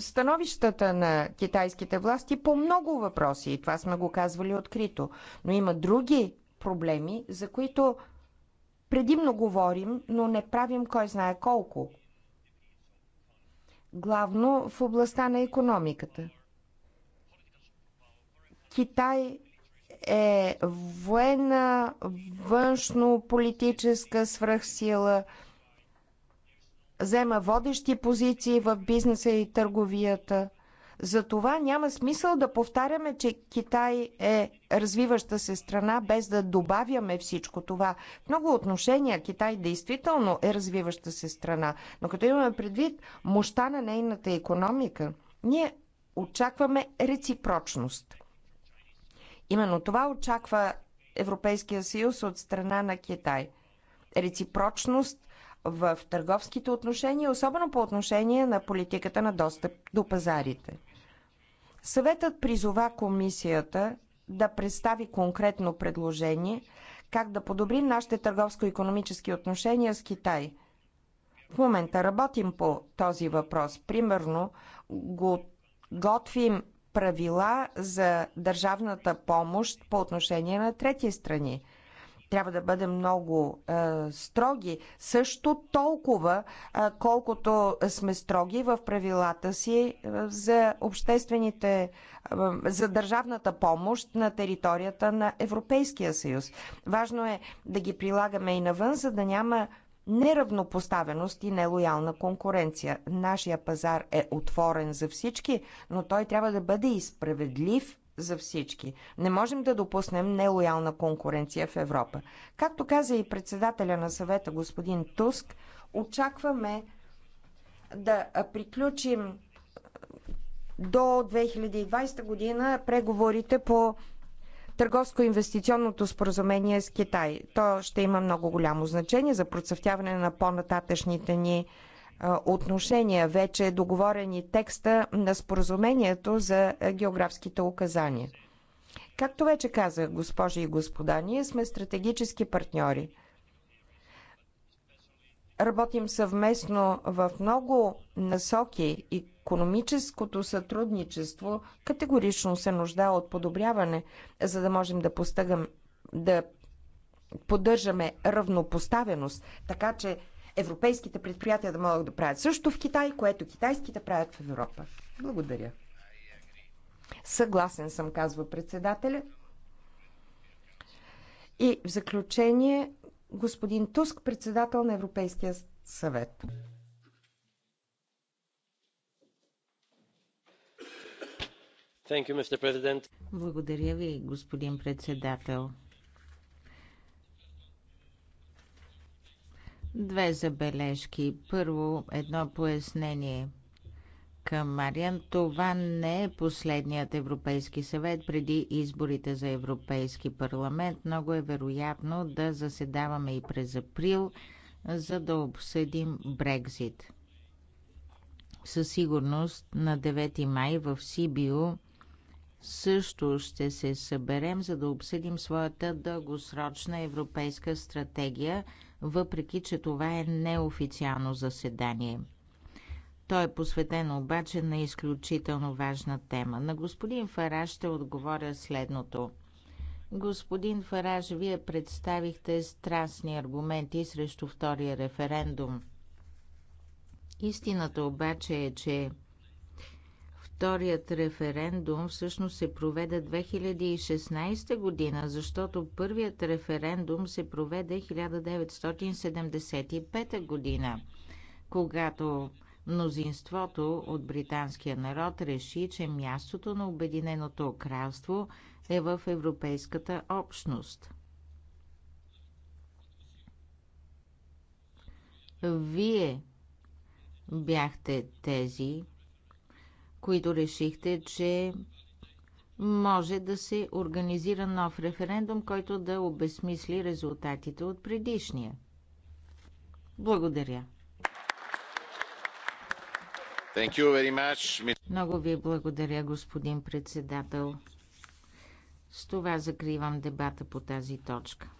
становищата на китайските власти по много въпроси и това сме го казвали открито. Но има други проблеми, за които предимно говорим, но не правим кой знае колко. Главно в областта на економиката. Китай е военна, външно-политическа свръхсила – взема водещи позиции в бизнеса и търговията. Затова няма смисъл да повтаряме, че Китай е развиваща се страна, без да добавяме всичко това. В много отношения Китай действително е развиваща се страна, но като имаме предвид мощта на нейната економика, ние очакваме реципрочност. Именно това очаква Европейския съюз от страна на Китай. Реципрочност в търговските отношения, особено по отношение на политиката на достъп до пазарите. Съветът призова комисията да представи конкретно предложение как да подобрим нашите търговско-економически отношения с Китай. В момента работим по този въпрос. Примерно, го готвим правила за държавната помощ по отношение на трети страни – трябва да бъдем много е, строги, също толкова, е, колкото сме строги в правилата си е, за обществените, е, за държавната помощ на територията на Европейския съюз. Важно е да ги прилагаме и навън, за да няма неравнопоставеност и нелоялна конкуренция. Нашия пазар е отворен за всички, но той трябва да бъде и справедлив за всички. Не можем да допуснем нелоялна конкуренция в Европа. Както каза и председателя на съвета господин Туск, очакваме да приключим до 2020 година преговорите по търговско-инвестиционното споразумение с Китай. То ще има много голямо значение за процъфтяване на по-нататъчните ни отношения. Вече е договорен и текста на споразумението за географските указания. Както вече казах, госпожи и господа, ние сме стратегически партньори. Работим съвместно в много насоки. Економическото сътрудничество категорично се нуждае от подобряване, за да можем да, постъгам, да поддържаме равнопоставеност. Така че европейските предприятия да могат да правят също в Китай, което китайските правят в Европа. Благодаря. Съгласен съм, казва председателя. И в заключение, господин Туск, председател на Европейския съвет. You, Благодаря ви, господин председател. Две забележки. Първо, едно пояснение към Мариан. Това не е последният Европейски съвет преди изборите за Европейски парламент. Много е вероятно да заседаваме и през април, за да обсъдим Брекзит. Със сигурност на 9 май в Сибио също ще се съберем, за да обсъдим своята дългосрочна европейска стратегия – въпреки че това е неофициално заседание. той е посветено обаче на изключително важна тема. На господин Фараж ще отговоря следното. Господин Фараж, вие представихте страстни аргументи срещу втория референдум. Истината обаче е, че Вторият референдум всъщност се проведе 2016 година, защото първият референдум се проведе 1975 година, когато мнозинството от британския народ реши, че мястото на Обединеното кралство е в Европейската общност. Вие бяхте тези, които решихте, че може да се организира нов референдум, който да обесмисли резултатите от предишния. Благодаря. Много ви благодаря, господин председател. С това закривам дебата по тази точка.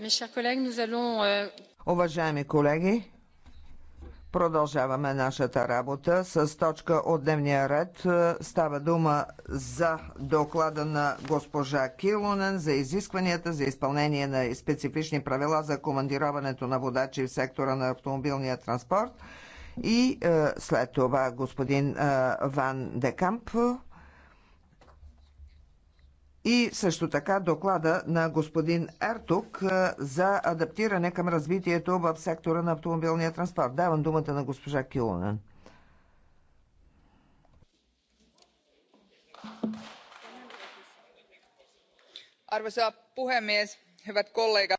Euh, Уважаеми колеги, продължаваме нашата работа с точка от дневния ред. Е, става дума за доклада на госпожа Килонен за изискванията за изпълнение на специфични правила за командироването на водачи в сектора на автомобилния транспорт. И е, след това господин е, Ван Декамп и също така доклада на господин Ертук е, за адаптиране към развитието в сектора на автомобилния транспорт. Давам думата на госпожа Килонен. Арвеса пухемес, хеват колега.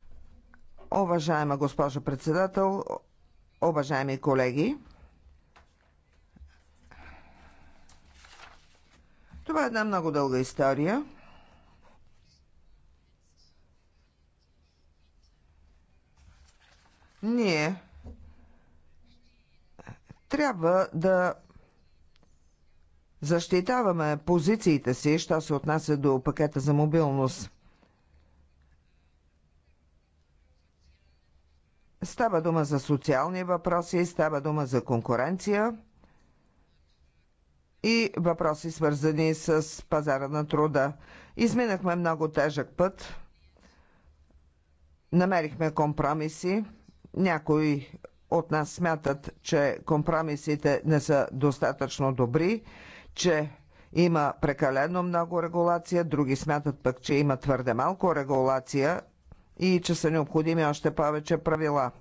Уважаема госпожо председател, уважаеми колеги, това е една много дълга история – ние трябва да защитаваме позициите си, що се отнася до пакета за мобилност. Става дума за социални въпроси, става дума за конкуренция и въпроси свързани с пазара на труда. Изминахме много тежък път, намерихме компромиси. Някои от нас смятат, че компромисите не са достатъчно добри, че има прекалено много регулация, други смятат пък, че има твърде малко регулация и че са необходими още повече правила.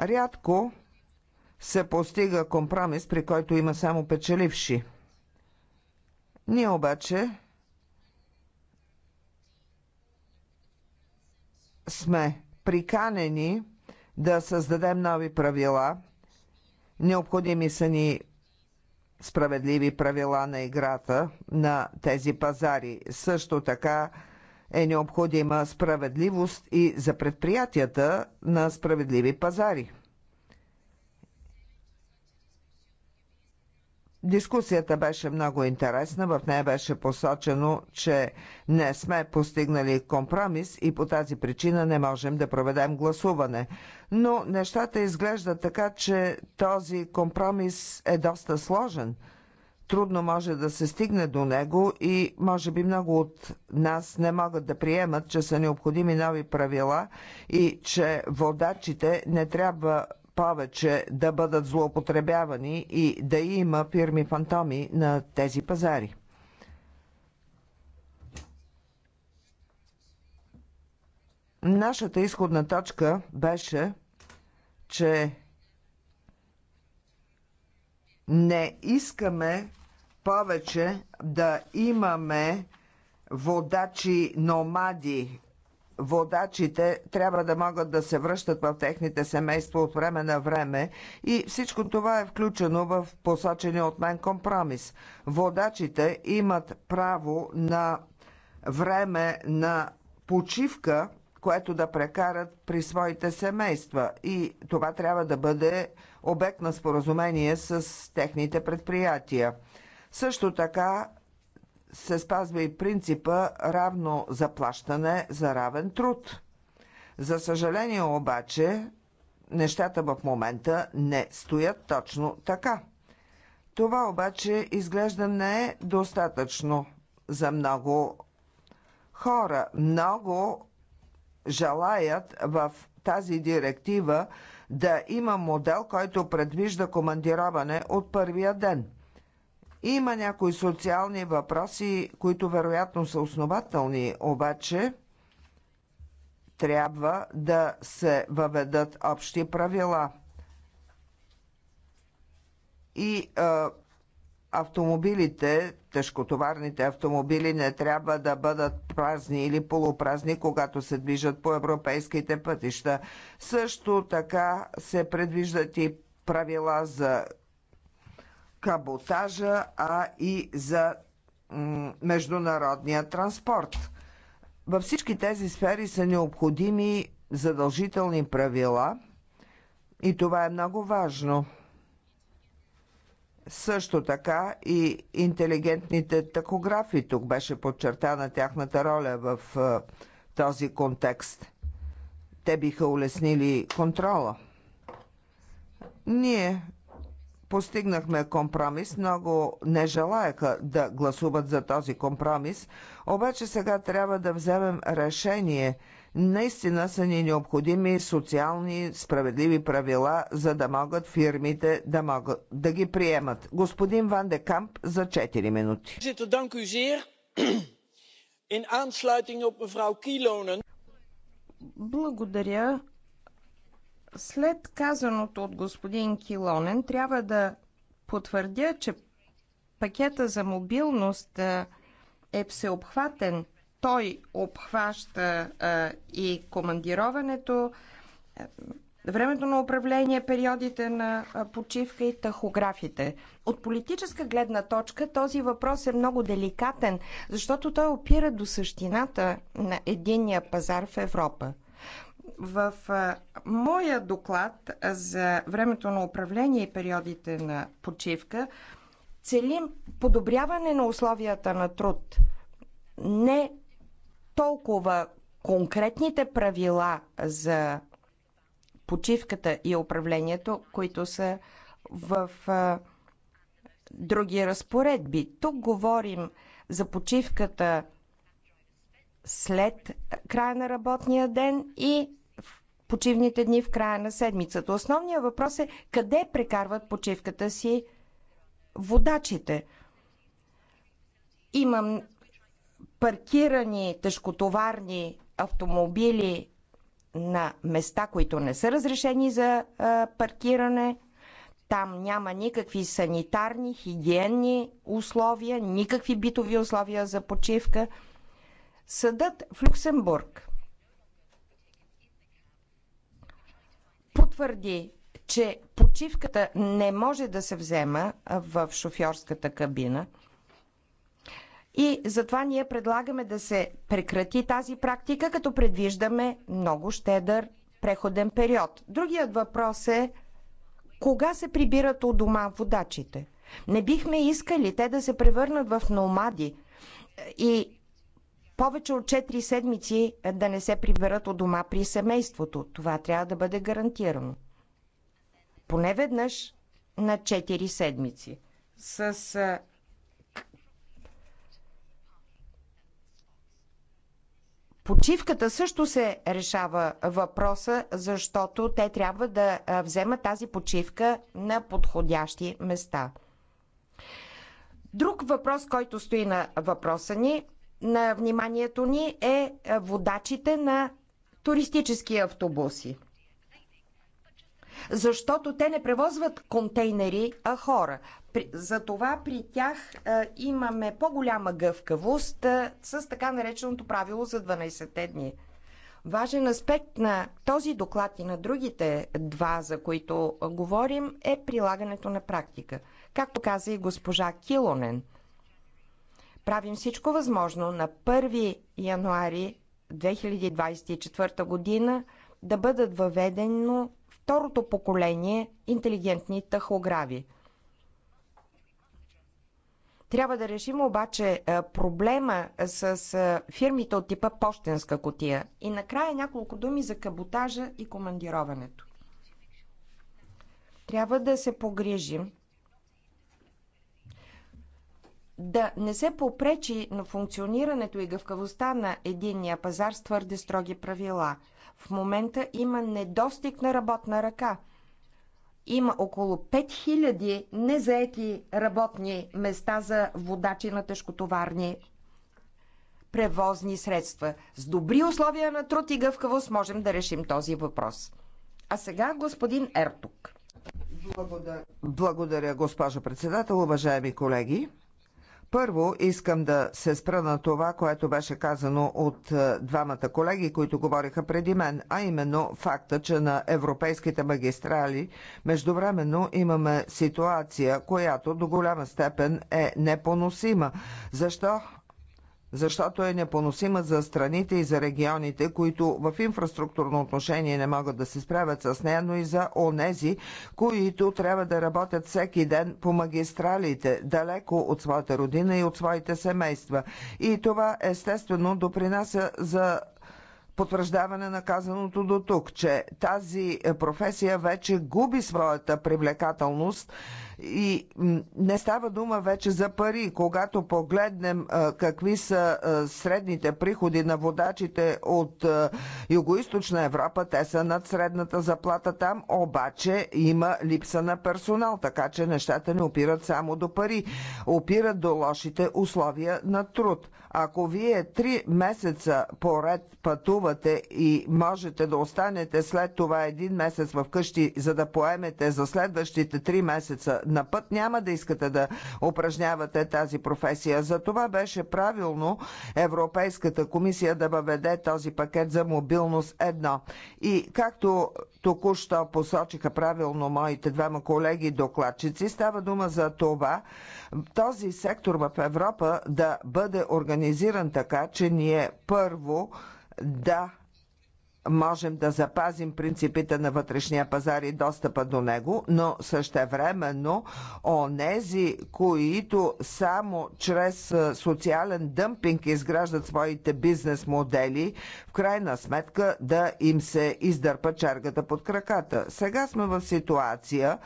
Рядко се постига компромис, при който има само печеливши. Ние обаче сме приканени да създадем нови правила. Необходими са ни справедливи правила на играта на тези пазари. Също така е необходима справедливост и за предприятията на справедливи пазари. Дискусията беше много интересна, в нея беше посочено, че не сме постигнали компромис и по тази причина не можем да проведем гласуване. Но нещата изглеждат така, че този компромис е доста сложен. Трудно може да се стигне до него и може би много от нас не могат да приемат, че са необходими нови правила и че водачите не трябва повече да бъдат злоупотребявани и да има фирми фантоми на тези пазари. Нашата изходна точка беше, че не искаме повече да имаме водачи номади водачите трябва да могат да се връщат в техните семейства от време на време и всичко това е включено в посочения от мен компромис. Водачите имат право на време на почивка, което да прекарат при своите семейства и това трябва да бъде обект на споразумение с техните предприятия. Също така се спазва и принципа равно заплащане за равен труд. За съжаление обаче, нещата в момента не стоят точно така. Това обаче изглежда не е достатъчно за много хора. Много желаят в тази директива да има модел, който предвижда командироване от първия ден – има някои социални въпроси, които вероятно са основателни, обаче трябва да се въведат общи правила. И а, автомобилите, тежкотоварните автомобили не трябва да бъдат празни или полупразни, когато се движат по европейските пътища. Също така се предвиждат и правила за каботажа, а и за международния транспорт. Във всички тези сфери са необходими задължителни правила и това е много важно. Също така и интелигентните такографи. Тук беше подчертана тяхната роля в този контекст. Те биха улеснили контрола. Ние постигнахме компромис. Много не желаяха да гласуват за този компромис, обаче сега трябва да вземем решение. Наистина са ни необходими социални, справедливи правила, за да могат фирмите да, могат, да ги приемат. Господин Ван де Камп за 4 минути. Благодаря. След казаното от господин Килонен, трябва да потвърдя, че пакета за мобилност е всеобхватен. Той обхваща и командироването, времето на управление, периодите на почивка и тахографите. От политическа гледна точка този въпрос е много деликатен, защото той опира до същината на единния пазар в Европа. В моя доклад за времето на управление и периодите на почивка целим подобряване на условията на труд. Не толкова конкретните правила за почивката и управлението, които са в а, други разпоредби. Тук говорим за почивката след края на работния ден и почивните дни в края на седмицата. Основният въпрос е къде прекарват почивката си водачите. Имам паркирани тежкотоварни автомобили на места, които не са разрешени за а, паркиране. Там няма никакви санитарни, хигиенни условия, никакви битови условия за почивка. Съдът в Люксембург потвърди, че почивката не може да се взема в шофьорската кабина. И затова ние предлагаме да се прекрати тази практика, като предвиждаме много щедър преходен период. Другият въпрос е кога се прибират у дома водачите? Не бихме искали те да се превърнат в номади и повече от 4 седмици е, да не се приберат от дома при семейството. Това трябва да бъде гарантирано. Поне веднъж на 4 седмици. С е, почивката също се решава въпроса, защото те трябва да е, вземат тази почивка на подходящи места. Друг въпрос, който стои на въпроса ни на вниманието ни е водачите на туристически автобуси. Защото те не превозват контейнери, а хора. Затова при тях а, имаме по-голяма гъвкавост а, с така нареченото правило за 12-те дни. Важен аспект на този доклад и на другите два, за които говорим, е прилагането на практика. Както каза и госпожа Килонен – правим всичко възможно на 1 януари 2024 година да бъдат въведено второто поколение интелигентни тахограви. Трябва да решим обаче е, проблема с е, фирмите от типа Пощенска котия. И накрая няколко думи за каботажа и командироването. Трябва да се погрижим да не се попречи на функционирането и гъвкавостта на единния пазар с твърде строги правила. В момента има недостиг на работна ръка. Има около 5000 незаети работни места за водачи на тежкотоварни превозни средства. С добри условия на труд и гъвкавост можем да решим този въпрос. А сега господин Ертук. Благодаря, госпожа председател, уважаеми колеги. Първо искам да се спра на това, което беше казано от е, двамата колеги, които говориха преди мен, а именно факта, че на европейските магистрали междувременно имаме ситуация, която до голяма степен е непоносима. Защо защото е непоносима за страните и за регионите, които в инфраструктурно отношение не могат да се справят с нея, но и за онези, които трябва да работят всеки ден по магистралите, далеко от своята родина и от своите семейства. И това естествено допринася за потвърждаване на казаното до тук, че тази професия вече губи своята привлекателност и не става дума вече за пари. Когато погледнем какви са средните приходи на водачите от Юго-Источна Европа, те са над средната заплата там, обаче има липса на персонал, така че нещата не опират само до пари, опират до лошите условия на труд. Ако вие три месеца поред пътувате и можете да останете след това един месец в къщи, за да поемете за следващите три месеца на път, няма да искате да упражнявате тази професия. За това беше правилно Европейската комисия да въведе този пакет за мобилност едно. И както току-що посочиха правилно моите двама колеги докладчици, става дума за това този сектор в Европа да бъде организиран така, че ние първо да можем да запазим принципите на вътрешния пазар и достъпа до него, но същевременно онези, които само чрез социален дъмпинг изграждат своите бизнес модели, в крайна сметка да им се издърпа чергата под краката. Сега сме в ситуация,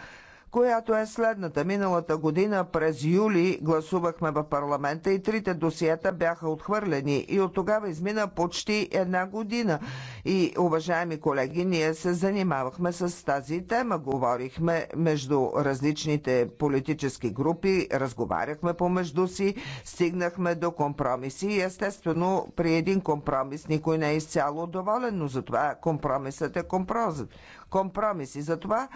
която е следната. Миналата година през юли гласувахме в парламента и трите досиета бяха отхвърлени и от тогава измина почти една година. И, уважаеми колеги, ние се занимавахме с тази тема. Говорихме между различните политически групи, разговаряхме помежду си, стигнахме до компромиси и естествено при един компромис никой не е изцяло доволен, но затова компромисът е компромис. Компромис и затова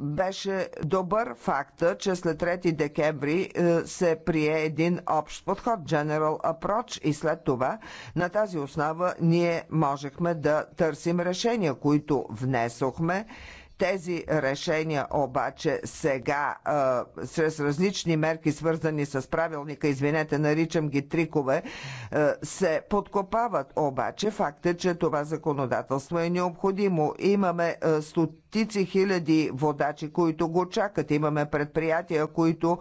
беше добър факта, че след 3 декември е, се прие един общ подход, General Approach, и след това на тази основа ние можехме да търсим решения, които внесохме. Тези решения обаче сега, а, е, чрез различни мерки, свързани с правилника, извинете, наричам ги трикове, а, е, се подкопават. Обаче факт е, че това законодателство е необходимо. Имаме а, стотици стотици хиляди водачи, които го чакат. Имаме предприятия, които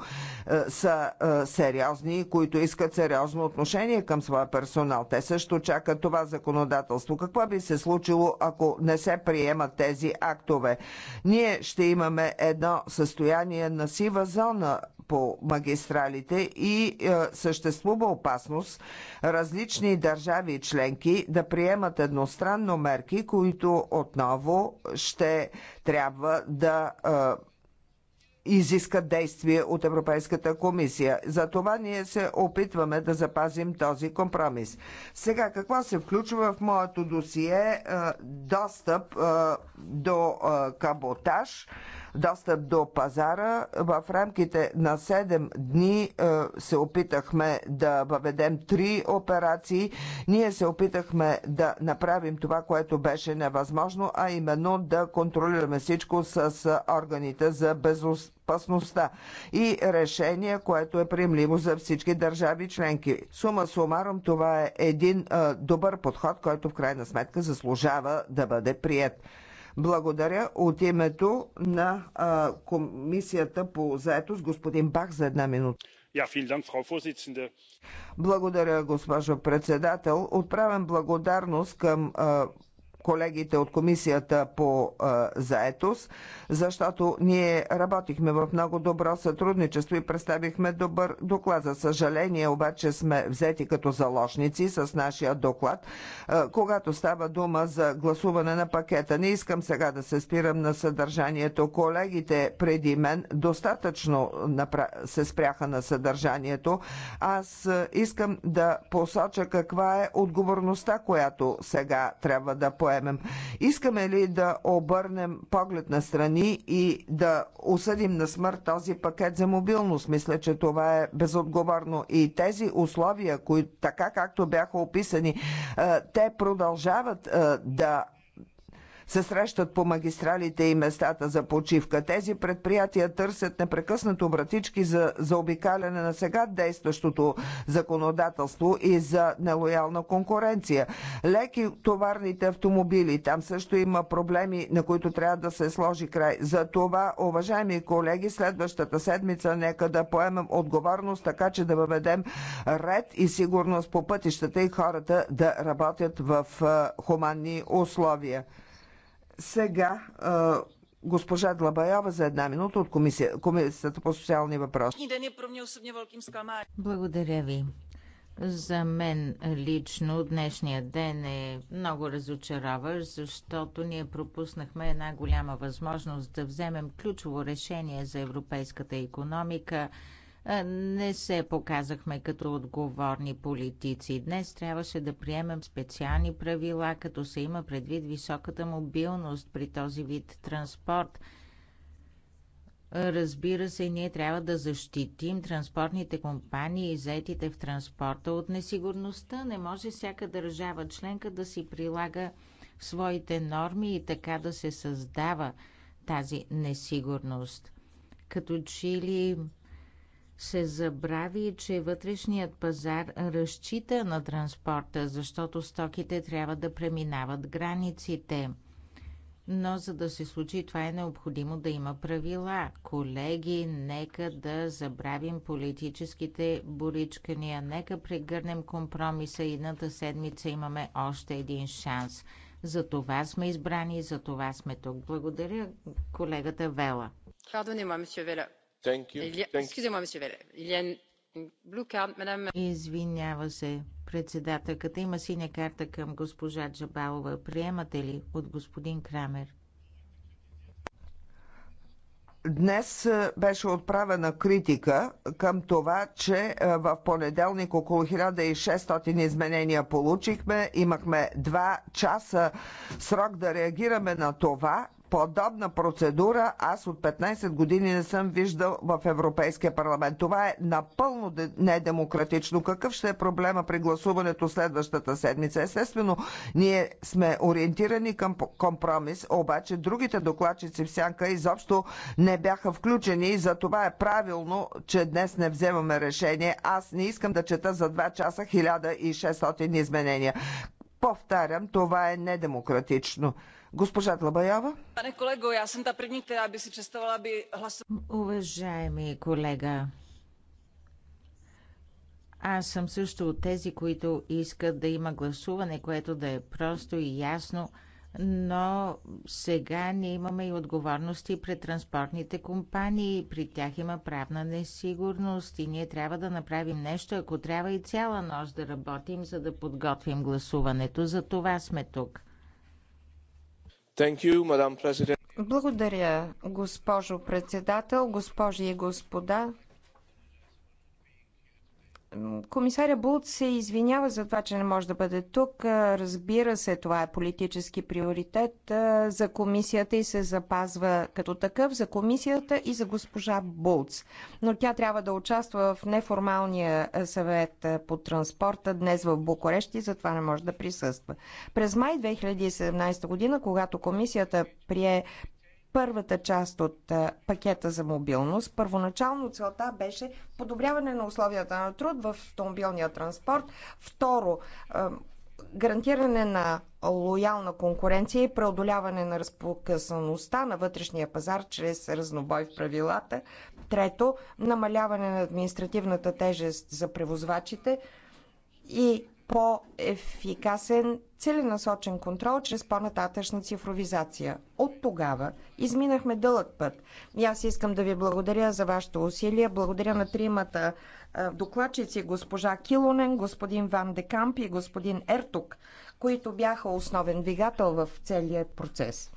е, са е, сериозни, които искат сериозно отношение към своя персонал. Те също чакат това законодателство. Какво би се случило, ако не се приемат тези актове? Ние ще имаме едно състояние на сива зона по магистралите и е, съществува опасност различни държави и членки да приемат едностранно мерки, които отново ще трябва да е, изискат действие от Европейската комисия. За това ние се опитваме да запазим този компромис. Сега, какво се включва в моето досие? Е, достъп е, до е, каботаж достъп до пазара. В рамките на 7 дни е, се опитахме да въведем три операции. Ние се опитахме да направим това, което беше невъзможно, а именно да контролираме всичко с е, органите за безопасност безопасността и решение, което е приемливо за всички държави членки. Сума сумаром, това е един е, добър подход, който в крайна сметка заслужава да бъде прият. Благодаря от името на а, Комисията по заетост, господин Бах, за една минута. Ja, dank, Frau Благодаря, госпожо председател. Отправям благодарност към а, колегите от комисията по а, заетост, защото ние работихме в много добро сътрудничество и представихме добър доклад. За съжаление обаче сме взети като заложници с нашия доклад, а, когато става дума за гласуване на пакета. Не искам сега да се спирам на съдържанието. Колегите преди мен достатъчно се спряха на съдържанието. Аз искам да посоча каква е отговорността, която сега трябва да поеме поемем? Искаме ли да обърнем поглед на страни и да осъдим на смърт този пакет за мобилност? Мисля, че това е безотговорно. И тези условия, които така както бяха описани, е, те продължават е, да се срещат по магистралите и местата за почивка. Тези предприятия търсят непрекъснато вратички за заобикаляне на сега действащото законодателство и за нелоялна конкуренция. Леки товарните автомобили, там също има проблеми, на които трябва да се сложи край. За това, уважаеми колеги, следващата седмица нека да поемем отговорност, така че да въведем ред и сигурност по пътищата и хората да работят в хуманни условия. Сега госпожа Длабаява за една минута от комисия, Комисията по социални въпроси. Благодаря ви. За мен лично днешния ден е много разочароващ, защото ние пропуснахме една голяма възможност да вземем ключово решение за европейската економика не се показахме като отговорни политици. Днес трябваше да приемем специални правила, като се има предвид високата мобилност при този вид транспорт. Разбира се, ние трябва да защитим транспортните компании и заетите в транспорта от несигурността. Не може всяка държава членка да си прилага своите норми и така да се създава тази несигурност. Като че ли се забрави, че вътрешният пазар разчита на транспорта, защото стоките трябва да преминават границите. Но за да се случи това е необходимо да има правила. Колеги, нека да забравим политическите боричкания, нека прегърнем компромиса. Едната седмица имаме още един шанс. За това сме избрани, за това сме тук. Благодаря колегата Вела. Хадо нема, мисио Веля. Eh Извинява се, председателката. Има синя карта към госпожа Джабалова. Приемате ли от господин Крамер? Днес е, беше отправена критика към това, че е, в понеделник около 1600 изменения получихме. Имахме два часа срок да реагираме на това подобна процедура аз от 15 години не съм виждал в Европейския парламент. Това е напълно недемократично. Какъв ще е проблема при гласуването следващата седмица? Естествено, ние сме ориентирани към компромис, обаче другите докладчици в сянка изобщо не бяха включени и за това е правилно, че днес не вземаме решение. Аз не искам да чета за 2 часа 1600 изменения. Повтарям, това е недемократично. Госпожа Тлабаява. Уважаеми колега, аз съм също от тези, които искат да има гласуване, което да е просто и ясно, но сега ние имаме и отговорности пред транспортните компании. При тях има правна несигурност и ние трябва да направим нещо, ако трябва и цяла нощ да работим, за да подготвим гласуването. За това сме тук. You, Благодаря, госпожо председател, госпожи и господа. Комисаря Булт се извинява за това, че не може да бъде тук. Разбира се, това е политически приоритет за комисията и се запазва като такъв за комисията и за госпожа Булц. Но тя трябва да участва в неформалния съвет по транспорта днес в Букурещ и затова не може да присъства. През май 2017 година, когато комисията прие първата част от пакета за мобилност. Първоначално целта беше подобряване на условията на труд в автомобилния транспорт. Второ, гарантиране на лоялна конкуренция и преодоляване на разпокъсаността на вътрешния пазар чрез разнобой в правилата. Трето, намаляване на административната тежест за превозвачите. И по-ефикасен целенасочен контрол чрез по-нататъчна цифровизация. От тогава изминахме дълъг път. И аз искам да ви благодаря за вашето усилие. Благодаря на тримата докладчици госпожа Килонен, господин Ван Декамп и господин Ертук, които бяха основен двигател в целия процес.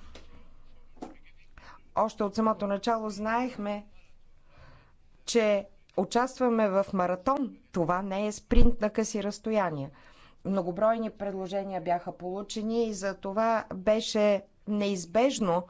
Още от самото начало знаехме, че Участваме в маратон. Това не е спринт на къси разстояния. Многобройни предложения бяха получени и за това беше неизбежно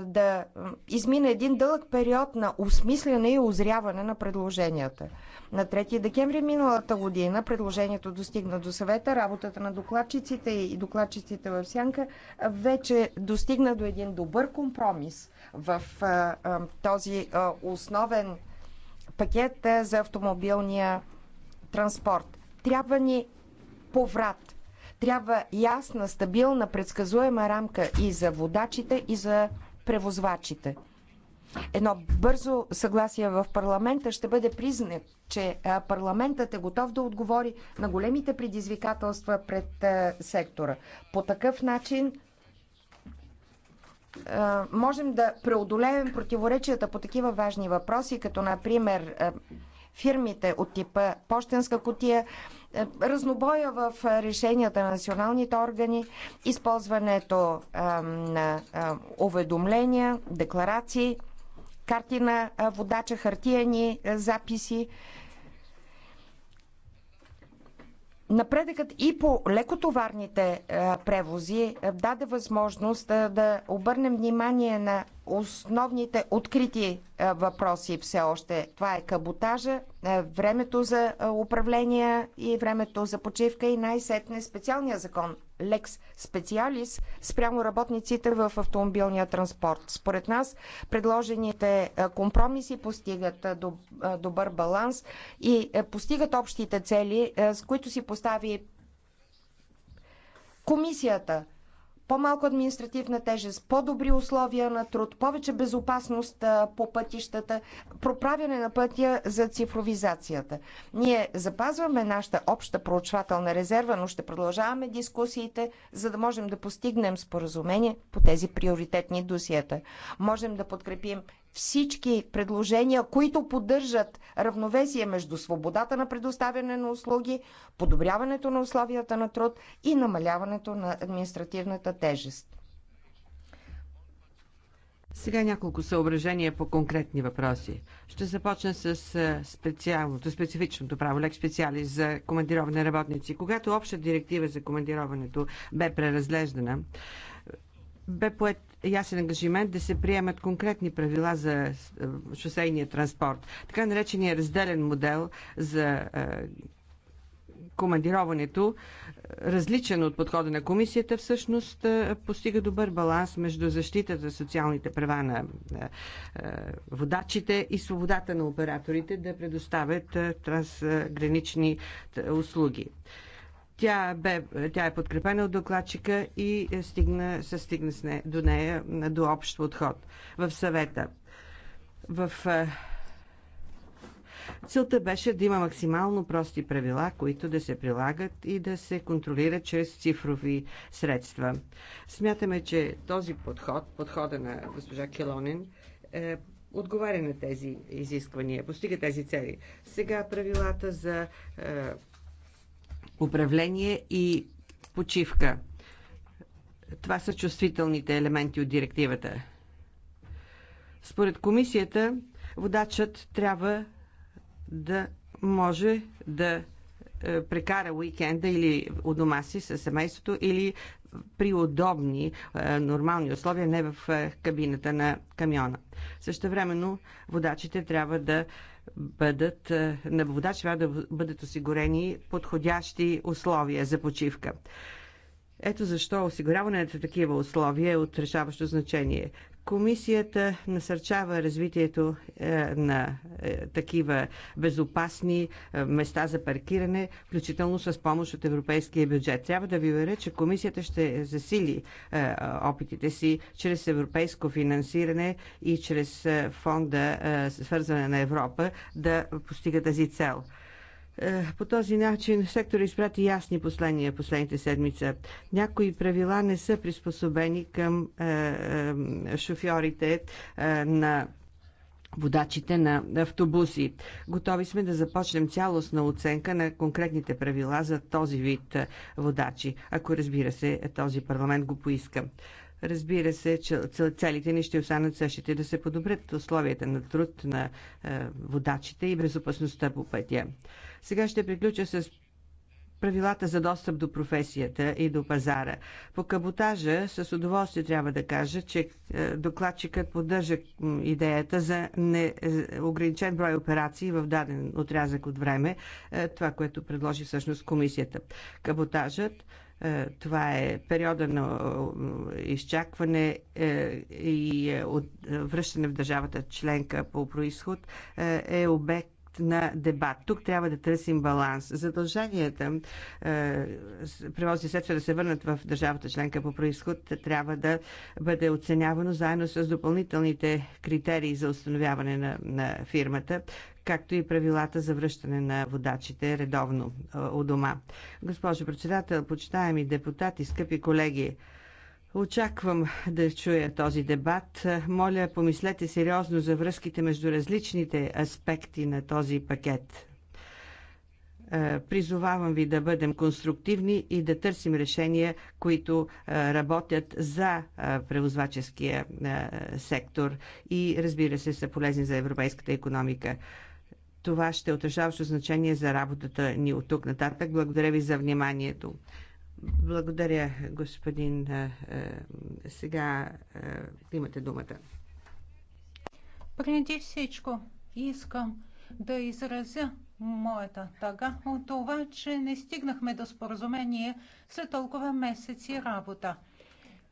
да измина един дълъг период на осмислене и озряване на предложенията. На 3 декември миналата година предложението достигна до съвета, работата на докладчиците и докладчиците в Сянка вече достигна до един добър компромис в този основен пакет за автомобилния транспорт. Трябва ни поврат. Трябва ясна, стабилна, предсказуема рамка и за водачите, и за превозвачите. Едно бързо съгласие в парламента ще бъде признак, че парламентът е готов да отговори на големите предизвикателства пред сектора. По такъв начин е, можем да преодолеем противоречията по такива важни въпроси, като например е, фирмите от типа Пощенска котия, е, разнобоя в решенията на националните органи, използването на уведомления, декларации, карти на водача, хартияни записи Напредъкът и по лекотоварните е, превози е, даде възможност е, да обърнем внимание на основните открити въпроси все още. Това е каботажа, времето за управление и времето за почивка и най-сетне специалния закон лекс специалис спрямо работниците в автомобилния транспорт. Според нас предложените компромиси постигат добър баланс и постигат общите цели, с които си постави комисията по-малко административна тежест, по-добри условия на труд, повече безопасност по пътищата, проправяне на пътя за цифровизацията. Ние запазваме нашата обща проучвателна резерва, но ще продължаваме дискусиите, за да можем да постигнем споразумение по тези приоритетни досиета. Можем да подкрепим всички предложения, които поддържат равновесие между свободата на предоставяне на услуги, подобряването на условията на труд и намаляването на административната тежест. Сега няколко съображения по конкретни въпроси. Ще започна с специалното, специфичното право, лек специалист за командироване работници. Когато обща директива за командироването бе преразглеждана, бе поет ясен ангажимент да се приемат конкретни правила за е, шосейния транспорт. Така наречения разделен модел за е, командироването, е, различен от подхода на комисията, всъщност постига добър баланс между защитата за социалните права на водачите и свободата на операторите да предоставят трансгранични услуги. Тя, бе, тя е подкрепена от докладчика и е стигна, се стигна с не, до нея до общ подход в съвета. В е, Целта беше да има максимално прости правила, които да се прилагат и да се контролират чрез цифрови средства. Смятаме, че този подход, подхода на госпожа Келонин е, отговаря на тези изисквания, постига тези цели. Сега правилата за е, управление и почивка. Това са чувствителните елементи от директивата. Според комисията, водачът трябва да може да е, прекара уикенда или у дома си с семейството, или при удобни, е, нормални условия, не в е, кабината на камиона. Също времено водачите трябва да бъдат, е, на водача да бъдат осигурени подходящи условия за почивка. Ето защо осигуряването на такива условия е от решаващо значение. Комисията насърчава развитието е, на е, такива безопасни е, места за паркиране, включително с помощ от европейския бюджет. Трябва да ви уверя, че комисията ще засили опитите си чрез европейско финансиране и чрез фонда свързване на Европа да постига тази цел. Е, по този начин сектор изпрати ясни послания последните седмица. Някои правила не са приспособени към е, е, шофьорите на водачите на автобуси. Готови сме да започнем цялостна оценка на конкретните правила за този вид водачи, ако разбира се този парламент го поиска. Разбира се, че целите ни ще останат същите да се подобрят условията на труд на е, водачите и безопасността по пътя. Сега ще приключа с правилата за достъп до професията и до пазара. По каботажа с удоволствие трябва да кажа, че е, докладчикът поддържа идеята за неограничен е, брой операции в даден отрязък от време, това, което предложи всъщност комисията. Каботажът е, това е периода на е, изчакване е, и връщане в държавата членка по происход е обект на дебат. Тук трябва да търсим баланс. Задълженията е, превозни средства да се върнат в държавата членка по происход трябва да бъде оценявано заедно с допълнителните критерии за установяване на, на фирмата, както и правилата за връщане на водачите редовно у дома. Госпожо председател, почитаеми депутати, скъпи колеги, Очаквам да чуя този дебат. Моля, помислете сериозно за връзките между различните аспекти на този пакет. Призовавам ви да бъдем конструктивни и да търсим решения, които работят за превозваческия сектор и, разбира се, са полезни за европейската економика. Това ще е отражаващо значение за работата ни от тук нататък. Благодаря ви за вниманието. Благодаря, господин. Е, е, сега е, имате думата. Преди всичко искам да изразя моята тага от това, че не стигнахме до споразумение след толкова месеци работа.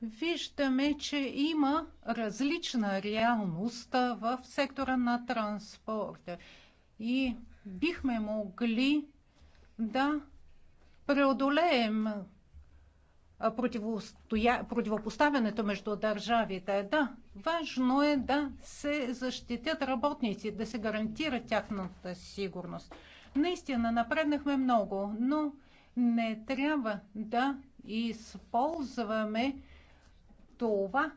Виждаме, че има различна реалност в сектора на транспорта и бихме могли да преодолеем противостоя... противопоставянето между държавите. Да, важно е да се защитят работници, да се гарантира тяхната сигурност. Наистина напреднахме много, но не трябва да използваме това,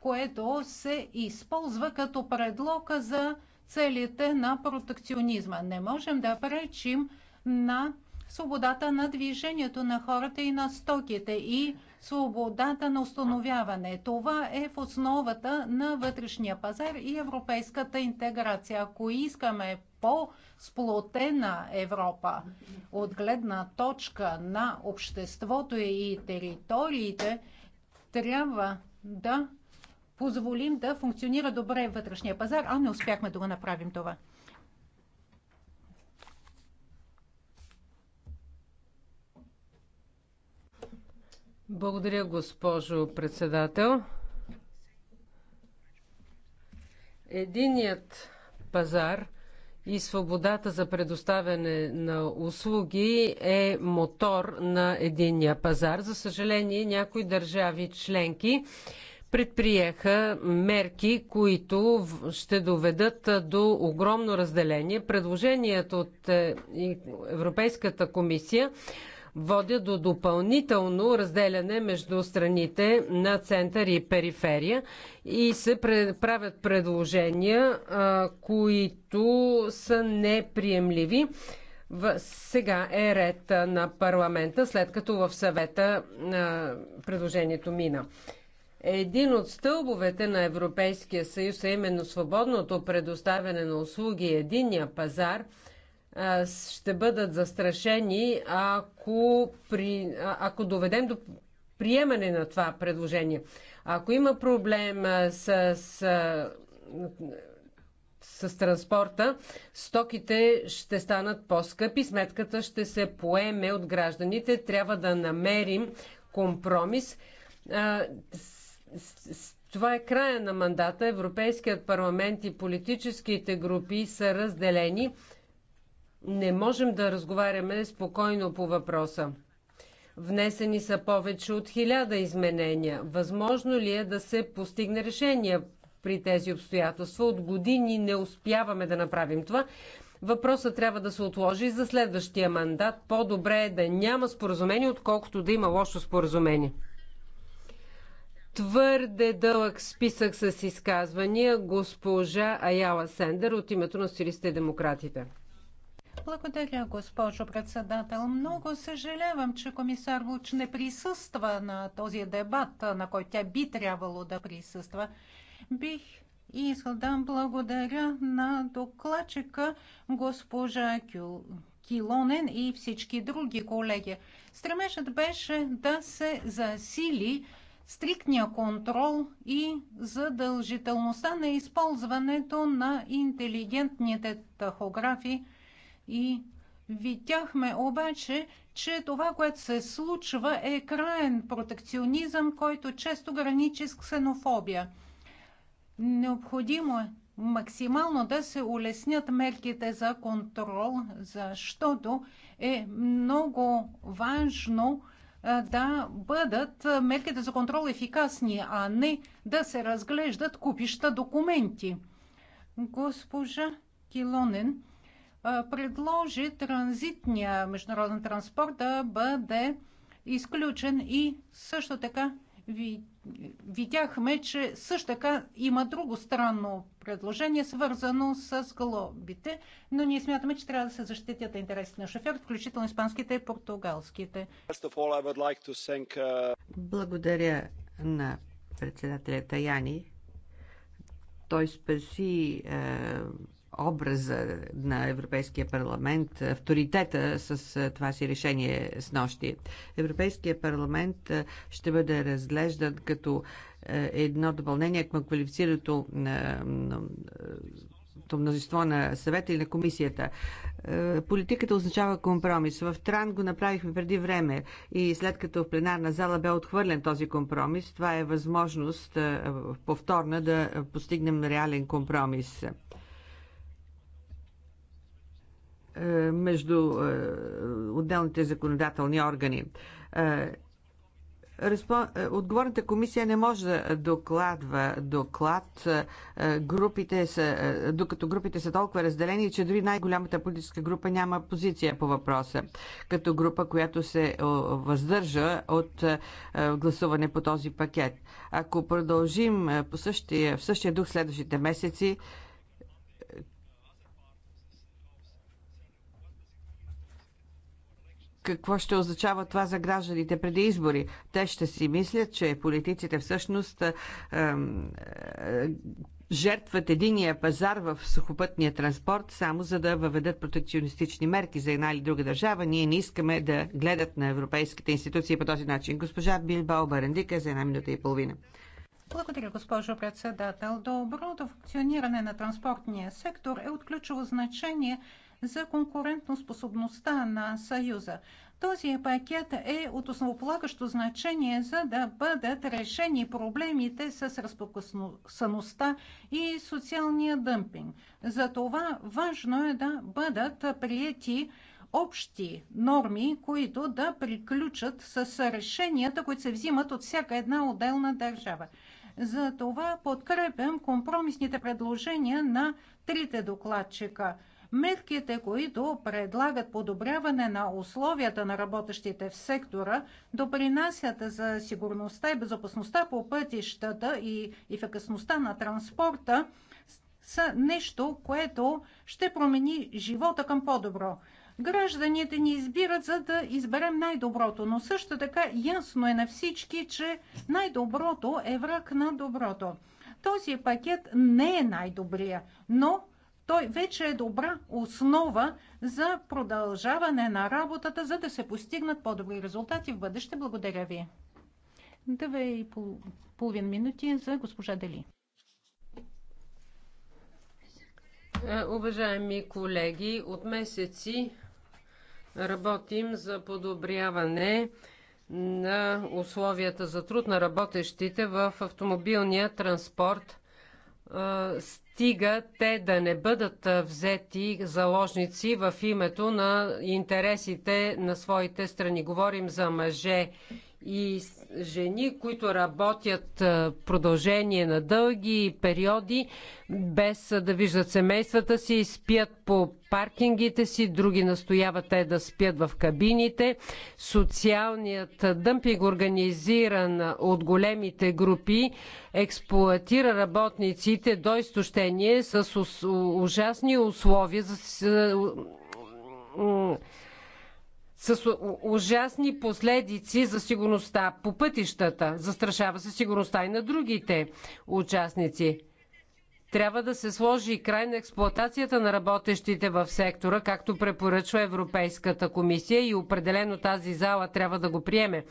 което се използва като предлога за целите на протекционизма. Не можем да пречим на свободата на движението на хората и на стоките и свободата на установяване. Това е в основата на вътрешния пазар и европейската интеграция. Ако искаме по-сплотена Европа от гледна точка на обществото и териториите, трябва да позволим да функционира добре вътрешния пазар, а не успяхме да го направим това. Благодаря, госпожо председател. Единият пазар и свободата за предоставяне на услуги е мотор на единния пазар. За съжаление, някои държави членки предприеха мерки, които ще доведат до огромно разделение. Предложението от е, Европейската комисия водя до допълнително разделяне между страните на център и периферия и се правят предложения, които са неприемливи. Сега е ред на парламента, след като в съвета предложението мина. Един от стълбовете на Европейския съюз, а именно свободното предоставяне на услуги и единния пазар, ще бъдат застрашени, ако, при, ако доведем до приемане на това предложение. Ако има проблем с, с, с транспорта, стоките ще станат по-скъпи, сметката ще се поеме от гражданите. Трябва да намерим компромис това е края на мандата. Европейският парламент и политическите групи са разделени. Не можем да разговаряме спокойно по въпроса. Внесени са повече от хиляда изменения. Възможно ли е да се постигне решение при тези обстоятелства? От години не успяваме да направим това. Въпросът трябва да се отложи за следващия мандат. По-добре е да няма споразумение, отколкото да има лошо споразумение твърде дълъг списък с изказвания. Госпожа Аяла Сендер от името на Сирийските и демократите. Благодаря, госпожо председател. Много съжалявам, че комисар Луч не присъства на този дебат, на който тя би трябвало да присъства. Бих искал да благодаря на докладчика госпожа Кюл. Килонен и всички други колеги. Стремежът беше да се засили стриктния контрол и задължителността на използването на интелигентните тахографи и Видяхме обаче, че това, което се случва е крайен протекционизъм, който често граничи с ксенофобия. Необходимо е максимално да се улеснят мерките за контрол, защото е много важно да бъдат мерките за контрол ефикасни, а не да се разглеждат купища документи. Госпожа Килонен предложи транзитния международен транспорт да бъде изключен и също така видяхме, че също така има друго странно предложение, свързано с глобите, но ние смятаме, че трябва да се защитят интересите на шофьор, включително испанските и португалските. Uh, Благодаря на председателя Таяни. Той спаси е образа на Европейския парламент, авторитета с това си решение с нощи. Европейския парламент ще бъде разглеждан като едно допълнение към квалифицирането на множество на съвета и на комисията. Политиката означава компромис. В Тран го направихме преди време и след като в пленарна зала бе отхвърлен този компромис, това е възможност повторна да постигнем реален компромис. Е, между е, отделните законодателни органи. Е, отговорната комисия не може да докладва доклад. Групите са, докато групите са толкова разделени, че дори най-голямата политическа група няма позиция по въпроса. Като група, която се въздържа от гласуване по този пакет. Ако продължим по същия, в същия дух следващите месеци, какво ще означава това за гражданите преди избори. Те ще си мислят, че политиците всъщност жертват единия пазар в сухопътния транспорт, само за да въведат протекционистични мерки за една или друга държава. Ние не искаме да гледат на европейските институции по този начин. Госпожа Билбао Обарендика, е за една минута и половина. Благодаря, госпожо председател. Доброто функциониране на транспортния сектор е от ключово значение за конкурентоспособността на Съюза. Този пакет е от основополагащо значение, за да бъдат решени проблемите с разпокъсаността и социалния дъмпинг. За това важно е да бъдат прияти общи норми, които да приключат с решенията, които се взимат от всяка една отделна държава. За това подкрепям компромисните предложения на трите докладчика – Мерките, които предлагат подобряване на условията на работещите в сектора, допринасят за сигурността и безопасността по пътищата и ефикасността на транспорта, са нещо, което ще промени живота към по-добро. Гражданите ни избират, за да изберем най-доброто, но също така ясно е на всички, че най-доброто е враг на доброто. Този пакет не е най-добрия, но той вече е добра основа за продължаване на работата, за да се постигнат по-добри резултати в бъдеще. Благодаря ви. Две и половин минути за госпожа Дели. Е, уважаеми колеги, от месеци работим за подобряване на условията за труд на работещите в автомобилния транспорт е, стига те да не бъдат взети заложници в името на интересите на своите страни. Говорим за мъже и жени, които работят в продължение на дълги периоди, без да виждат семействата си, спят по паркингите си, други настояват те да спят в кабините. Социалният дъмпинг, организиран от големите групи, експлуатира работниците до изтощение с ужасни условия за с ужасни последици за сигурността по пътищата. Застрашава се сигурността и на другите участници. Трябва да се сложи край на експлоатацията на работещите в сектора, както препоръчва Европейската комисия и определено тази зала трябва да го приеме.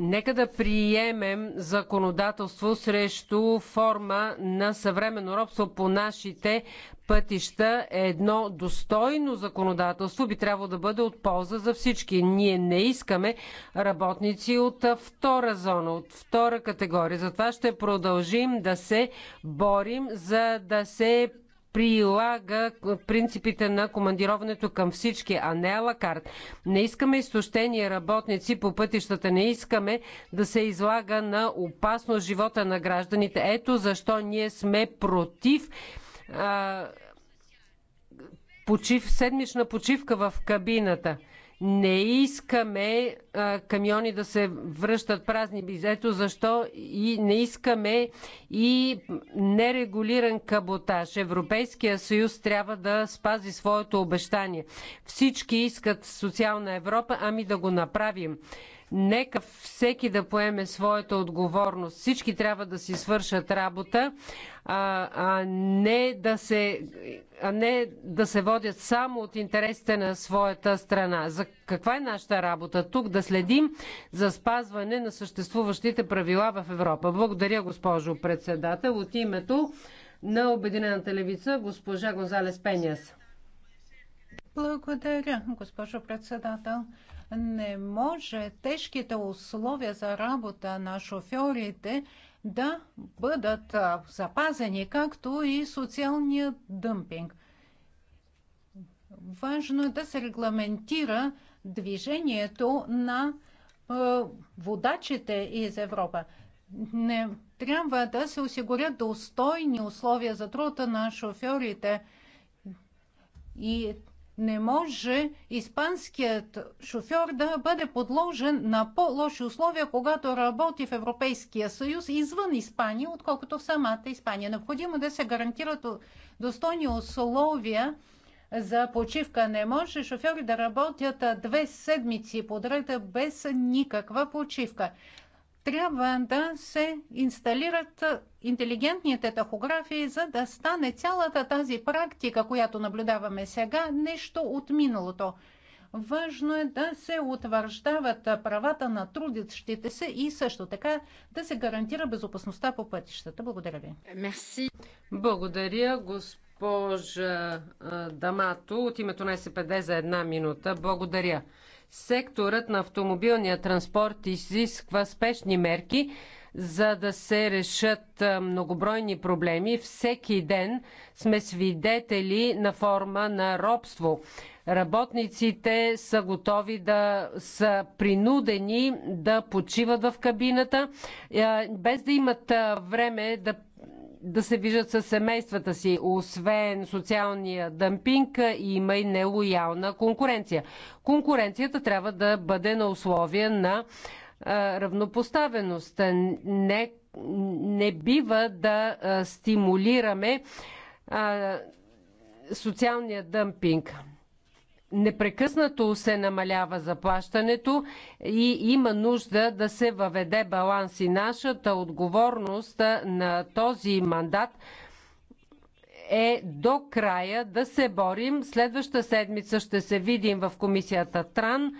Нека да приемем законодателство срещу форма на съвременно робство по нашите пътища. Едно достойно законодателство би трябвало да бъде от полза за всички. Ние не искаме работници от втора зона, от втора категория. Затова ще продължим да се борим, за да се прилага принципите на командироването към всички, а не алакарт. Не искаме изтощени работници по пътищата, не искаме да се излага на опасност живота на гражданите. Ето защо ние сме против а, почив, седмична почивка в кабината. Не искаме а, камиони да се връщат празни бизето, защо и не искаме и нерегулиран каботаж. Европейския съюз трябва да спази своето обещание. Всички искат социална Европа, ами да го направим. Нека всеки да поеме своята отговорност. Всички трябва да си свършат работа, а, а, не, да се, а не да се водят само от интересите на своята страна. За каква е нашата работа тук? Да следим за спазване на съществуващите правила в Европа. Благодаря, госпожо председател. От името на Обединената левица, госпожа Гонзалес Пеняс. Благодаря, госпожо председател не може тежките условия за работа на шофьорите да бъдат запазени, както и социалния дъмпинг. Важно е да се регламентира движението на водачите из Европа. Не трябва да се осигурят достойни условия за труда на шофьорите и не може испанският шофьор да бъде подложен на по-лоши условия, когато работи в Европейския съюз извън Испания, отколкото в самата Испания. Необходимо да се гарантират достойни условия за почивка. Не може шофьори да работят две седмици подред без никаква почивка трябва да се инсталират интелигентните тахографии, за да стане цялата тази практика, която наблюдаваме сега, нещо от миналото. Важно е да се утвърждават правата на трудещите се и също така да се гарантира безопасността по пътищата. Благодаря ви. Мерси. Благодаря, госпожа Дамато. От името на СПД за една минута. Благодаря. Секторът на автомобилния транспорт изисква спешни мерки, за да се решат многобройни проблеми. Всеки ден сме свидетели на форма на робство. Работниците са готови да са принудени да почиват в кабината, без да имат време да да се виждат със семействата си. Освен социалния дъмпинг, има и нелоялна конкуренция. Конкуренцията трябва да бъде на условия на равнопоставеност. Не, не бива да стимулираме социалния дъмпинг непрекъснато се намалява заплащането и има нужда да се въведе баланс. И нашата отговорност на този мандат е до края да се борим. Следваща седмица ще се видим в комисията Тран.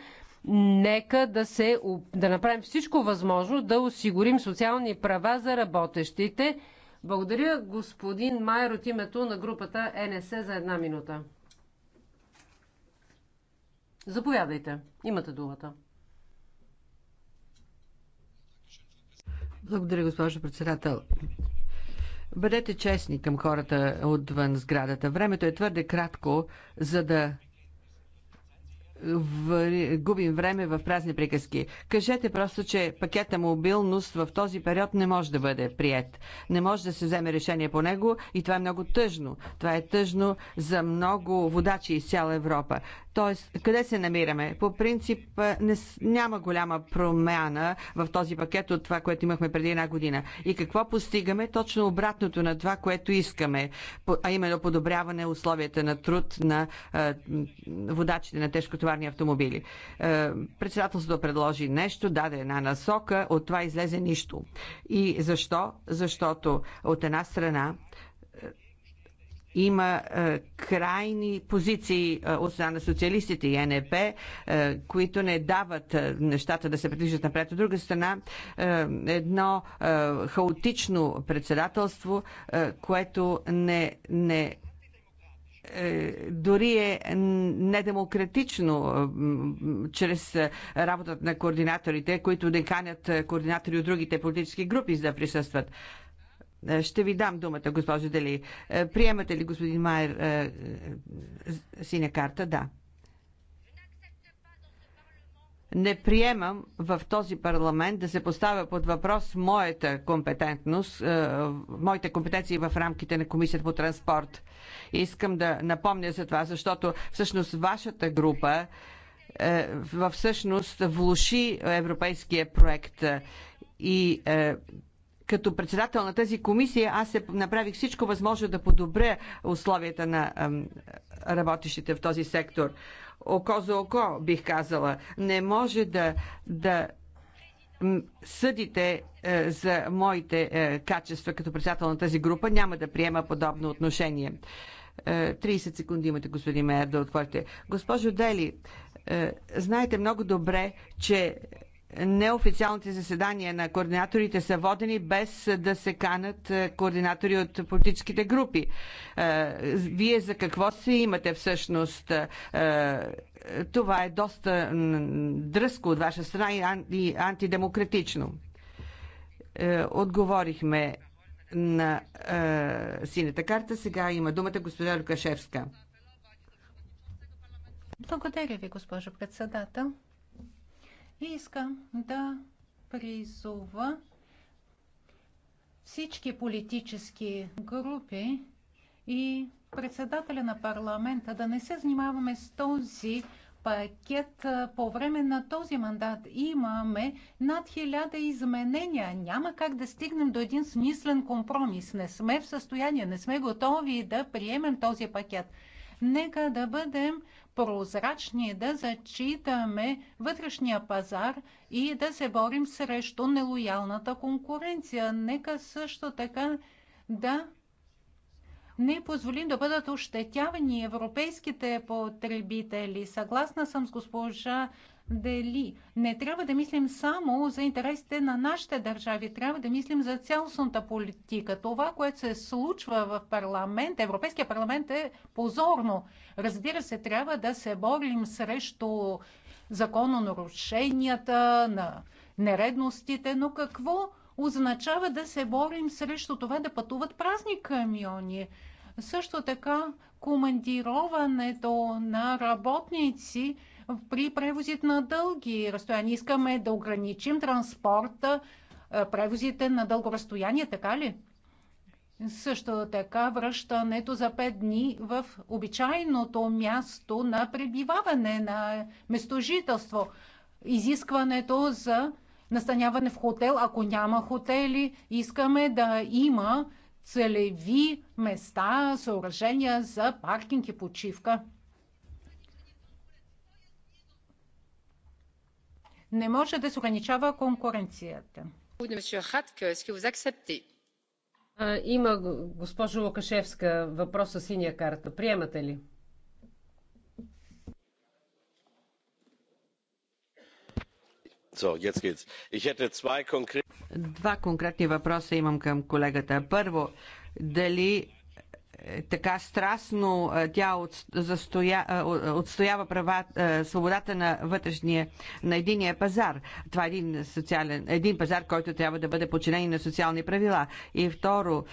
Нека да, се, да направим всичко възможно да осигурим социални права за работещите. Благодаря господин Майер от името на групата НС за една минута. Заповядайте. Имате думата. Благодаря, госпожо председател. Бъдете честни към хората отвън сградата. Времето е твърде кратко, за да в губим време в празни приказки. Кажете просто, че пакета мобилност в този период не може да бъде прият. Не може да се вземе решение по него и това е много тъжно. Това е тъжно за много водачи из цяла Европа. Тоест, къде се намираме? По принцип не, няма голяма промяна в този пакет от това, което имахме преди една година. И какво постигаме? Точно обратното на това, което искаме, а именно подобряване условията на труд на водачите на тежкото товарни автомобили. Е, председателството предложи нещо, даде една насока, от това излезе нищо. И защо? Защото от една страна е, има е, крайни позиции е, от страна на социалистите и НЕП, е, които не дават е, нещата да се придвижат напред. От друга страна, е, едно е, хаотично председателство, е, което не, не е, дори е недемократично е, чрез е, работата на координаторите, които не канят координатори от другите политически групи за да присъстват. Ще ви дам думата, госпожо Дели. Приемате ли, господин Майер, синя карта? Да. Не приемам в този парламент да се поставя под въпрос моята компетентност, моите компетенции в рамките на Комисията по транспорт. Искам да напомня за това, защото всъщност вашата група е, във всъщност влуши европейския проект и е, като председател на тази комисия аз се направих всичко възможно да подобря условията на работещите в този сектор. Око за око, бих казала. Не може да, да съдите е, за моите качества като председател на тази група. Няма да приема подобно отношение. 30 е, секунди имате, господин Мейер, да отворите. Госпожо Дели, е, знаете много добре, че неофициалните заседания на координаторите са водени без да се канат е, координатори от политическите групи. Вие за какво се имате всъщност? Това е доста дръско от ваша страна и антидемократично. Отговорихме на е, синята карта. Сега има думата господа Лукашевска. Благодаря ви, госпожо председател. И искам да призова всички политически групи и председателя на парламента да не се занимаваме с този пакет по време на този мандат имаме над хиляда изменения. Няма как да стигнем до един смислен компромис. Не сме в състояние, не сме готови да приемем този пакет. Нека да бъдем прозрачни, да зачитаме вътрешния пазар и да се борим срещу нелоялната конкуренция. Нека също така да не позволим да бъдат ощетявани европейските потребители. Съгласна съм с госпожа Дели. Не трябва да мислим само за интересите на нашите държави, трябва да мислим за цялостната политика. Това, което се случва в парламент, Европейския парламент е позорно. Разбира се, трябва да се борим срещу закононарушенията, на нередностите, но какво означава да се борим срещу това да пътуват празни камиони? Също така командироването на работници при превозите на дълги разстояния. Искаме да ограничим транспорта, е, превозите на дълго разстояние, така ли? Също така връщането за 5 дни в обичайното място на пребиваване, на местожителство. Изискването за настаняване в хотел, ако няма хотели, искаме да има целеви места, съоръжения за паркинг и почивка. Не може да се ограничава конкуренцията. Има госпожо Лукашевска въпрос с синя карта. Приемате ли? Два конкретни въпроса имам към колегата. Първо, дали е, така страстно е, тя е, отстоява права, свободата на вътрешния, на единия пазар. Това е един, социален, един пазар, който трябва да бъде подчинен на социални правила. И второ,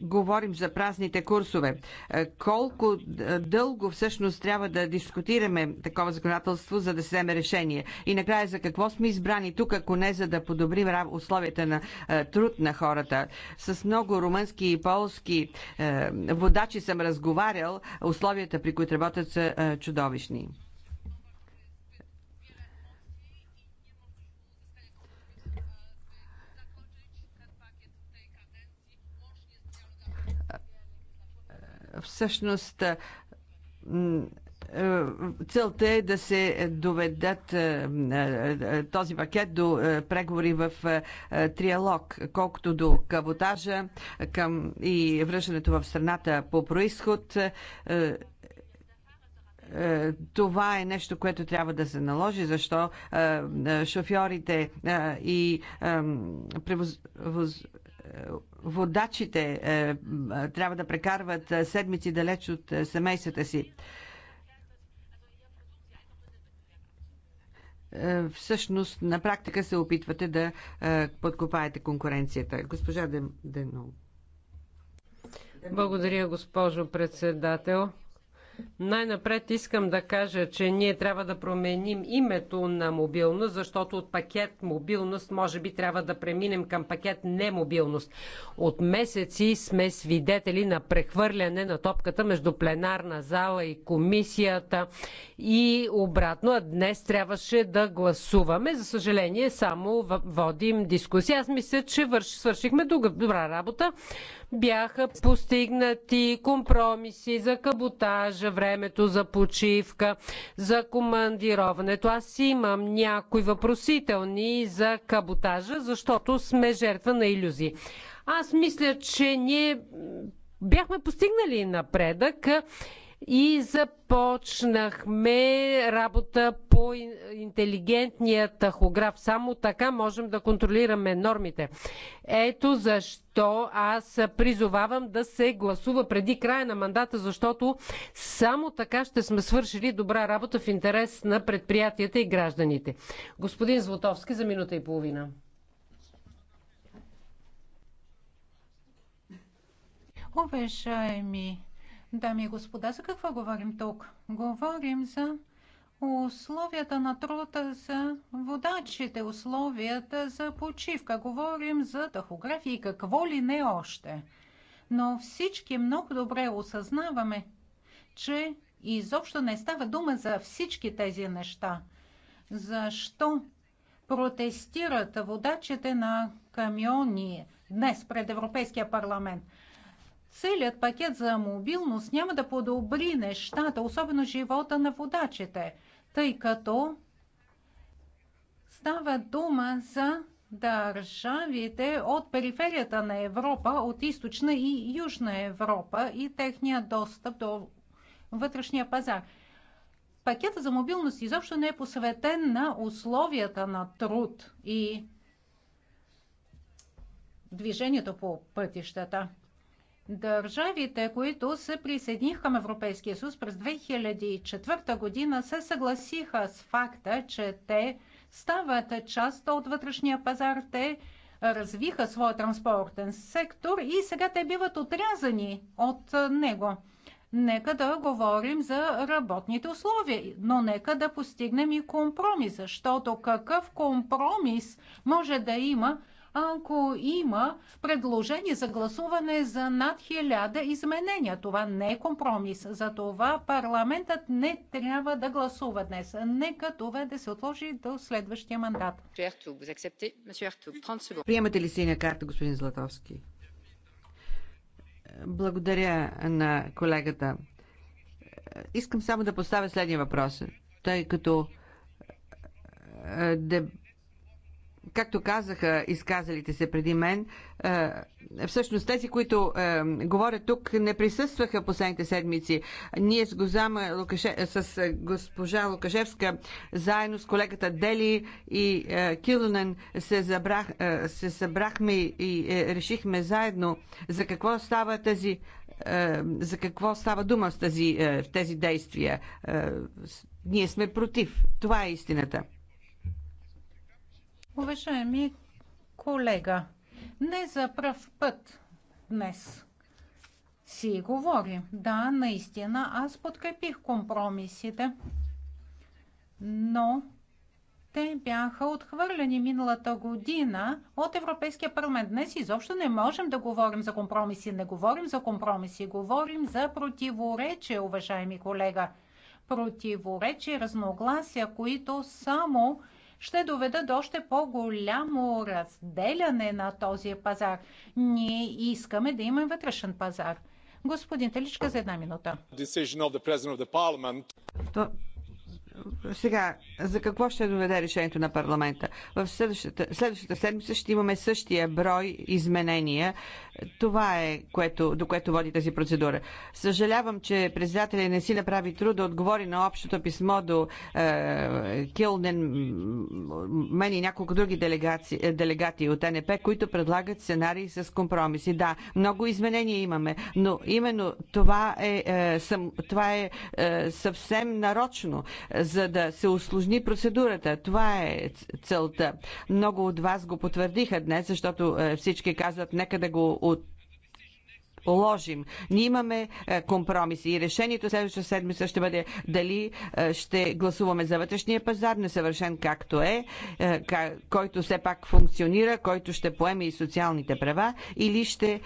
говорим за празните курсове. Е, колко дълго всъщност трябва да дискутираме такова законодателство, за да се вземе решение? И накрая, за какво сме избрани тук, ако не за да подобрим условията на е, труд на хората? С много румънски и полски е, водачи съм разговарял. Условията, при които работят, са чудовищни. Всъщност, е, целта е да се доведат е, е, този пакет до преговори в триалог, колкото до каботажа към и връщането в страната по происход. Това е нещо, което трябва да се наложи, защо шофьорите и превоз водачите е, трябва да прекарват е, седмици далеч от е, семействата си. Всъщност, на практика се опитвате да подкопаете конкуренцията. Госпожа Денов. Благодаря, госпожо председател. Най-напред искам да кажа, че ние трябва да променим името на мобилност, защото от пакет мобилност може би трябва да преминем към пакет немобилност. От месеци сме свидетели на прехвърляне на топката между пленарна зала и комисията и обратно. А днес трябваше да гласуваме. За съжаление, само водим дискусия. Аз мисля, че свършихме добра работа бяха постигнати компромиси за каботажа, времето за почивка, за командироването. Аз имам някои въпросителни за каботажа, защото сме жертва на иллюзии. Аз мисля, че ние бяхме постигнали напредък и започнахме работа по интелигентния тахограф. Само така можем да контролираме нормите. Ето защо аз призовавам да се гласува преди края на мандата, защото само така ще сме свършили добра работа в интерес на предприятията и гражданите. Господин Златовски за минута и половина. Уважаеми Дами и господа, за какво говорим тук? Говорим за условията на труда за водачите, условията за почивка. Говорим за тахографии и какво ли не още. Но всички много добре осъзнаваме, че изобщо не става дума за всички тези неща. Защо протестират водачите на камиони днес пред Европейския парламент – целият пакет за мобилност няма да подобри нещата, особено живота на водачите, тъй като става дума за държавите от периферията на Европа, от източна и южна Европа и техния достъп до вътрешния пазар. Пакетът за мобилност изобщо не е посветен на условията на труд и движението по пътищата. Държавите, които се присъединиха към Европейския съюз през 2004 година, се съгласиха с факта, че те стават част от вътрешния пазар, те развиха своя транспортен сектор и сега те биват отрязани от него. Нека да говорим за работните условия, но нека да постигнем и компромис, защото какъв компромис може да има ако има предложение за гласуване за над хиляда изменения. Това не е компромис. За това парламентът не трябва да гласува днес. Нека това да се отложи до следващия мандат. Приемате ли синя карта, господин Златовски? Благодаря на колегата. Искам само да поставя следния въпрос. Тъй като е, както казаха изказалите се преди мен, е, всъщност тези, които е, говорят тук, не присъстваха последните седмици. Ние с, Гозама Лукаше... Е, с госпожа Лукашевска, заедно с колегата Дели и Килонен се, забрах... се събрахме и решихме заедно за какво става тази за какво става дума в тези, в тези действия. Ние сме против. Това е истината. Уважаеми колега, не за пръв път днес си говори. Да, наистина, аз подкрепих компромисите, но те бяха отхвърлени миналата година от Европейския парламент. Днес изобщо не можем да говорим за компромиси. Не говорим за компромиси, говорим за противоречие, уважаеми колега. Противоречие, разногласия, които само ще доведа до още по-голямо разделяне на този пазар. Ние искаме да имаме вътрешен пазар. Господин Теличка, за една минута сега, за какво ще доведе решението на парламента? В следващата, следващата седмица ще имаме същия брой изменения. Това е, което, до което води тази процедура. Съжалявам, че председателя не си направи труд да отговори на общото писмо до е, Килнен, мен и няколко други делегаци, е, делегати от НП, които предлагат сценарии с компромиси. Да, много изменения имаме, но именно това е, е, съм, това е, е съвсем нарочно за да се усложни процедурата. Това е целта. Много от вас го потвърдиха днес, защото е, всички казват, нека да го от положим. Ние имаме е, компромиси и решението следващата седмица ще бъде дали е, ще гласуваме за вътрешния пазар, несъвършен както е, е който все пак функционира, който ще поеме и социалните права, или ще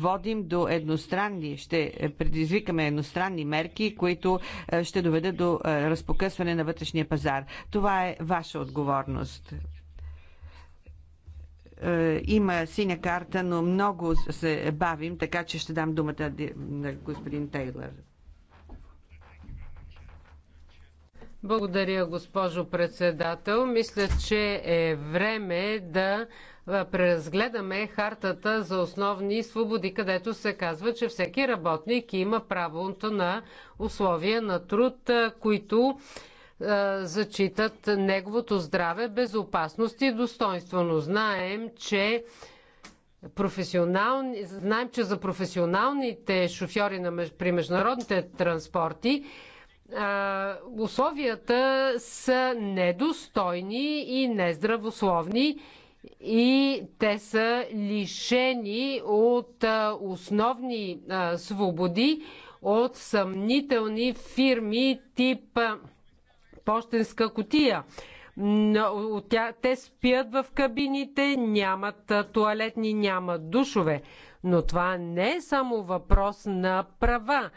водим до едностранни, ще предизвикаме едностранни мерки, които ще доведат до разпокъсване на вътрешния пазар. Това е ваша отговорност. Е, има синя карта, но много се бавим, така че ще дам думата на господин Тейлър. Благодаря, госпожо председател. Мисля, че е време да преразгледаме хартата за основни свободи, където се казва, че всеки работник има правото на условия на труд, които е, зачитат неговото здраве, безопасност и достоинство. Но знаем, че професионални, знаем, че за професионалните шофьори на, при международните транспорти а, е, условията са недостойни и нездравословни и те са лишени от а, е, основни а, свободи от съмнителни фирми тип а, почтенска котия. Те спят в кабините, нямат туалетни, нямат душове. Но това не е само въпрос на права.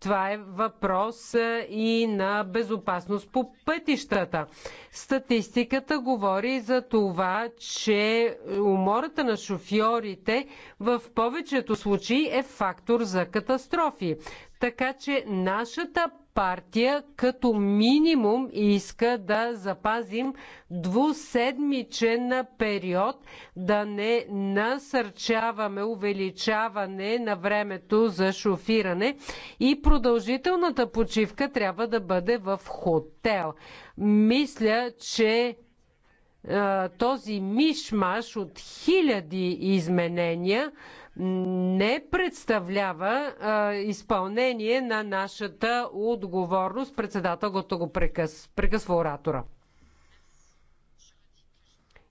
Това е въпрос и на безопасност по пътищата. Статистиката говори за това, че умората на шофьорите в повечето случаи е фактор за катастрофи. Така че нашата партия, като минимум иска да запазим двуседмичен период, да не насърчаваме увеличаване на времето за шофиране и продължителната почивка трябва да бъде в хотел. Мисля, че този мишмаш от хиляди изменения не представлява а, изпълнение на нашата отговорност. Председател го прекъс, прекъсва оратора.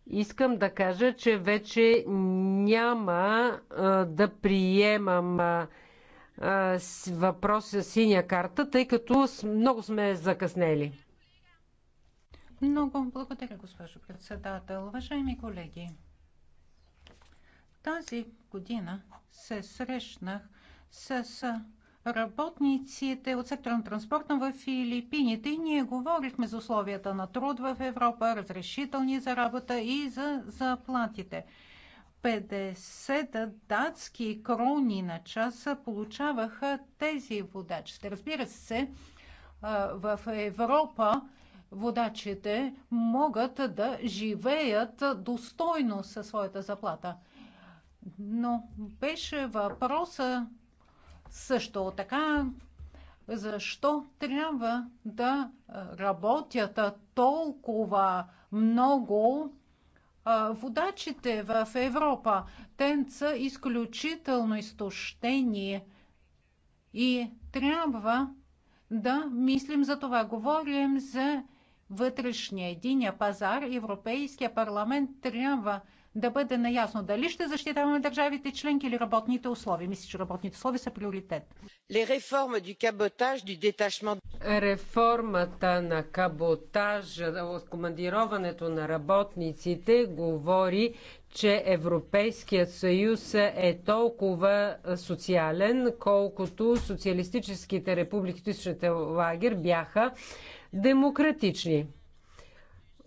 Искам да кажа, че вече няма а, да приемам а, с въпроса синя карта, тъй като много сме закъснели. Много благодаря, госпожо председател. Уважаеми колеги, тази година се срещнах с работниците от сектора на транспорта в Филипините и ние говорихме за условията на труд в Европа, разрешителни за работа и за заплатите. 50 датски крони на часа получаваха тези водачи. Разбира се, в Европа водачите могат да живеят достойно със своята заплата – но беше въпроса също така, защо трябва да работят толкова много водачите в Европа. Те са изключително изтощени и трябва да мислим за това. Говорим за вътрешния единия пазар. Европейския парламент трябва да бъде наясно дали ще защитаваме държавите членки или работните условия. Мисля, че работните условия са приоритет. Реформата на каботаж, командироването на работниците говори, че Европейският съюз е толкова социален, колкото социалистическите републики в лагер бяха демократични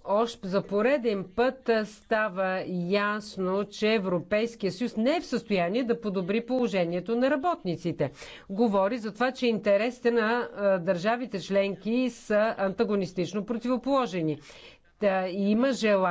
още за пореден път става ясно, че Европейския съюз не е в състояние да подобри положението на работниците. Говори за това, че интересите на държавите членки са антагонистично противоположени. Та има желание